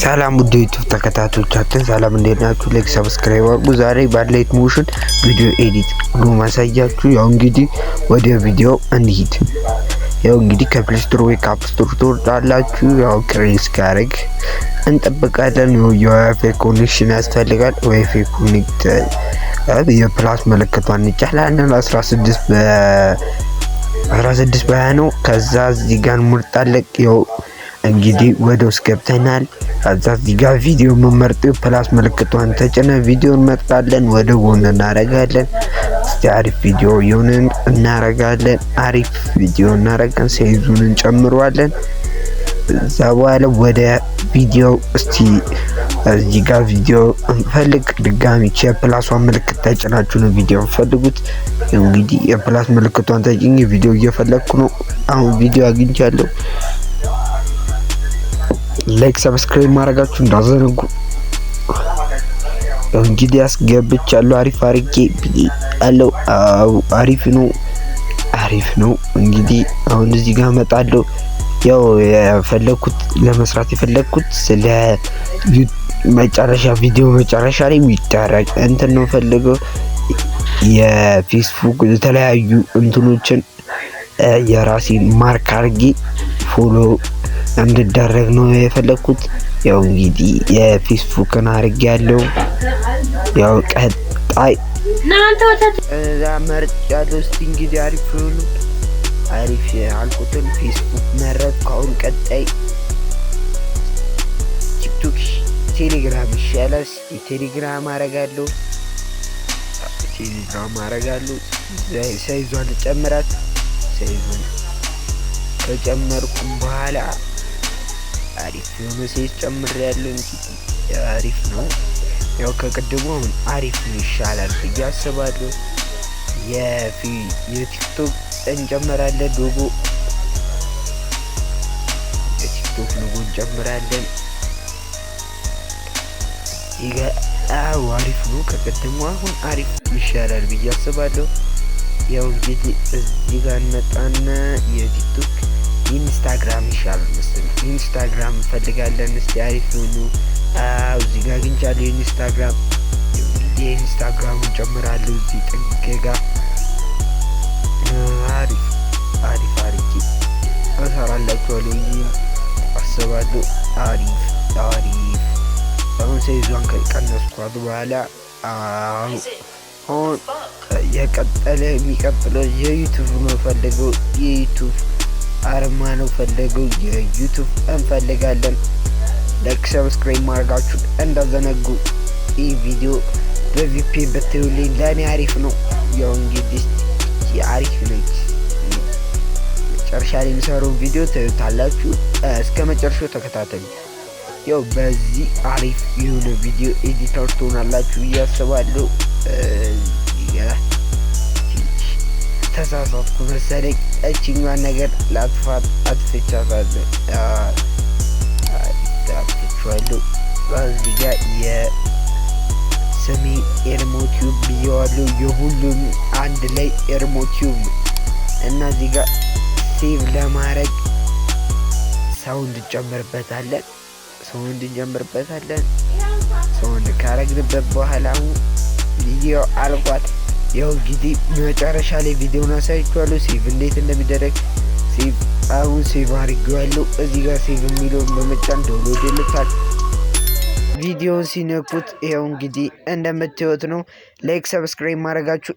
ሰላም ውድ ዩቱብ ተከታቶቻችን ሰላም እንዴት ናችሁ? ላይክ ሰብስክራይብ አድርጉ። ዛሬ ባድላይት ሞሽን ቪዲዮ ኤዲት ብሎ ማሳያችሁ። ያው እንግዲህ ወደ ቪዲዮ እንሂድ። ያው እንግዲህ ከፕሌስቶር ወይ ከአፕስቶር ትወርዳላችሁ። ያው ክሬንስ ጋርግ እንጠብቃለን። የዋይፋይ ኮኔክሽን ያስፈልጋል። ዋይፋይ ኮኔክት የፕላስ ምልክቷን እንጫላለን። 16 በ16 በ20 ነው። ከዛ እዚህ ጋር ምርጣለቅ ያው እንግዲህ ወደ ውስጥ ገብተናል። ከዛ እዚህ ጋር ቪዲዮ የምመርጠው ፕላስ ምልክቷን ተጭነ ቪዲዮን እንመርጣለን። ወደ ጎን እናረጋለን። እስቲ አሪፍ ቪዲዮ የሆነን እናረጋለን። አሪፍ ቪዲዮ እናረጋን ሳይዙን እንጨምረዋለን። እዛ በኋላ ወደ ቪዲዮ እስቲ እዚህ ጋር ቪዲዮ እንፈልግ። ድጋሚ ቼ የፕላሷን ምልክት ተጭናችሁ ነው ቪዲዮ ፈልጉት። እንግዲህ የፕላስ ምልክቷን ተጭኝ ቪዲዮ እየፈለግኩ ነው። አሁን ቪዲዮ አግኝቻለሁ። ላይክ፣ ሰብስክራይብ ማድረጋችሁ እንዳዘነጉ። እንግዲህ አስገብቻለሁ። አሪፍ አርጌ አለው። አሪፍ ነው፣ አሪፍ ነው። እንግዲህ አሁን እዚህ ጋር መጣለሁ። ያው የፈለኩት ለመስራት የፈለኩት ስለ መጨረሻ ቪዲዮ መጨረሻ ላይ የሚደረግ እንትን ነው ፈልገው የፌስቡክ የተለያዩ እንትኖችን የራሴን ማርክ አርጌ ፎሎ እንድዳረግ ነው የፈለግኩት። ያው እንግዲህ የፌስቡክን አርግ ያለው ያው ቀጣይ እዛ መርጭ ያለው እስቲ እንግዲህ አሪፍ ሆኑ አሪፍ አልኩትን ፌስቡክ መረጥ። ካሁን ቀጣይ ቲክቶክ፣ ቴሌግራም ይሻላል። እስቲ ቴሌግራም አረጋለሁ ቴሌግራም አረጋለሁ። ሳይዟን ጨምራት። ሳይዟን ከጨመርኩም በኋላ አሪፍ የሆነ ሴት ጨምር ያለው አሪፍ ነው። ያው ከቅድሙ አሁን አሪፍ ነው ይሻላል ብዬ አስባለሁ። የቲክቶክ እንጨምራለን ሎጎ የቲክቶክ ሎጎ እንጨምራለን። አዎ አሪፍ ነው። ከቅድሙ አሁን አሪፍ ይሻላል ብዬ አስባለሁ። ያው እንግዲህ እዚህ ጋር እንመጣና የቲክቶክ ኢንስታግራም ይሻላል መሰለኝ። ኢንስታግራም እንፈልጋለን። እስቲ አሪፍ የሆኑ እዚህ ጋር አግኝቻለሁ። የኢንስታግራም የኢንስታግራሙን ጨምራለሁ። እዚህ ጥግ ጋር አሪፍ አሪፍ አሪፍ እሰራላችኋለሁ አስባለሁ። አሪፍ አሪፍ አሁን ከቀነስኳት በኋላ አሁን የቀጠለ የሚቀጥለው የዩቱብ መፈልገው የዩቱብ አርማ ነው ፈለገው የዩቱብ እንፈልጋለን። ላይክ ሰብስክራይብ ማድረጋችሁ እንዳዘነጉ። ይህ ቪዲዮ በቪፒ ብትዩልኝ ለእኔ አሪፍ ነው። ያው እንግዲህ አሪፍ ነች። መጨረሻ ላይ የሚሰራውን ቪዲዮ ታዩታላችሁ። እስከ መጨረሻው ተከታተሉ። ያው በዚህ አሪፍ የሆነ ቪዲዮ ኤዲተር ትሆናላችሁ እያስባለሁ። ተሳሳትኩ መሰለኝ። እችኛን ነገር ላጥፋት አጥፍቻታለሁ። አጥፍቻለሁ እዚህ ጋ የስሜ ኤርሞቲዩብ ብየዋለሁ። የሁሉም አንድ ላይ ኤርሞቲዩብ እና እዚህ ጋ ሴቭ ለማድረግ ሳውንድ እንጨምርበታለን። ሳውንድ እንጨምርበታለን። ሳውንድ ካረግንበት በኋላ ቪዲዮ አልቋል። ያው እንግዲህ መጨረሻ ላይ ቪዲዮውን አሳይቻለሁ። ሴቭ እንዴት እንደሚደረግ ሴቭ አሁን ሴቭ አድርጌዋለሁ። እዚህ ጋር ሴቭ የሚለውን በመጫን ዳውንሎድ ልታል ቪዲዮን ሲነኩት ያው እንግዲህ እንደምታዩት ነው። ላይክ ሰብስክራይብ ማድረጋችሁ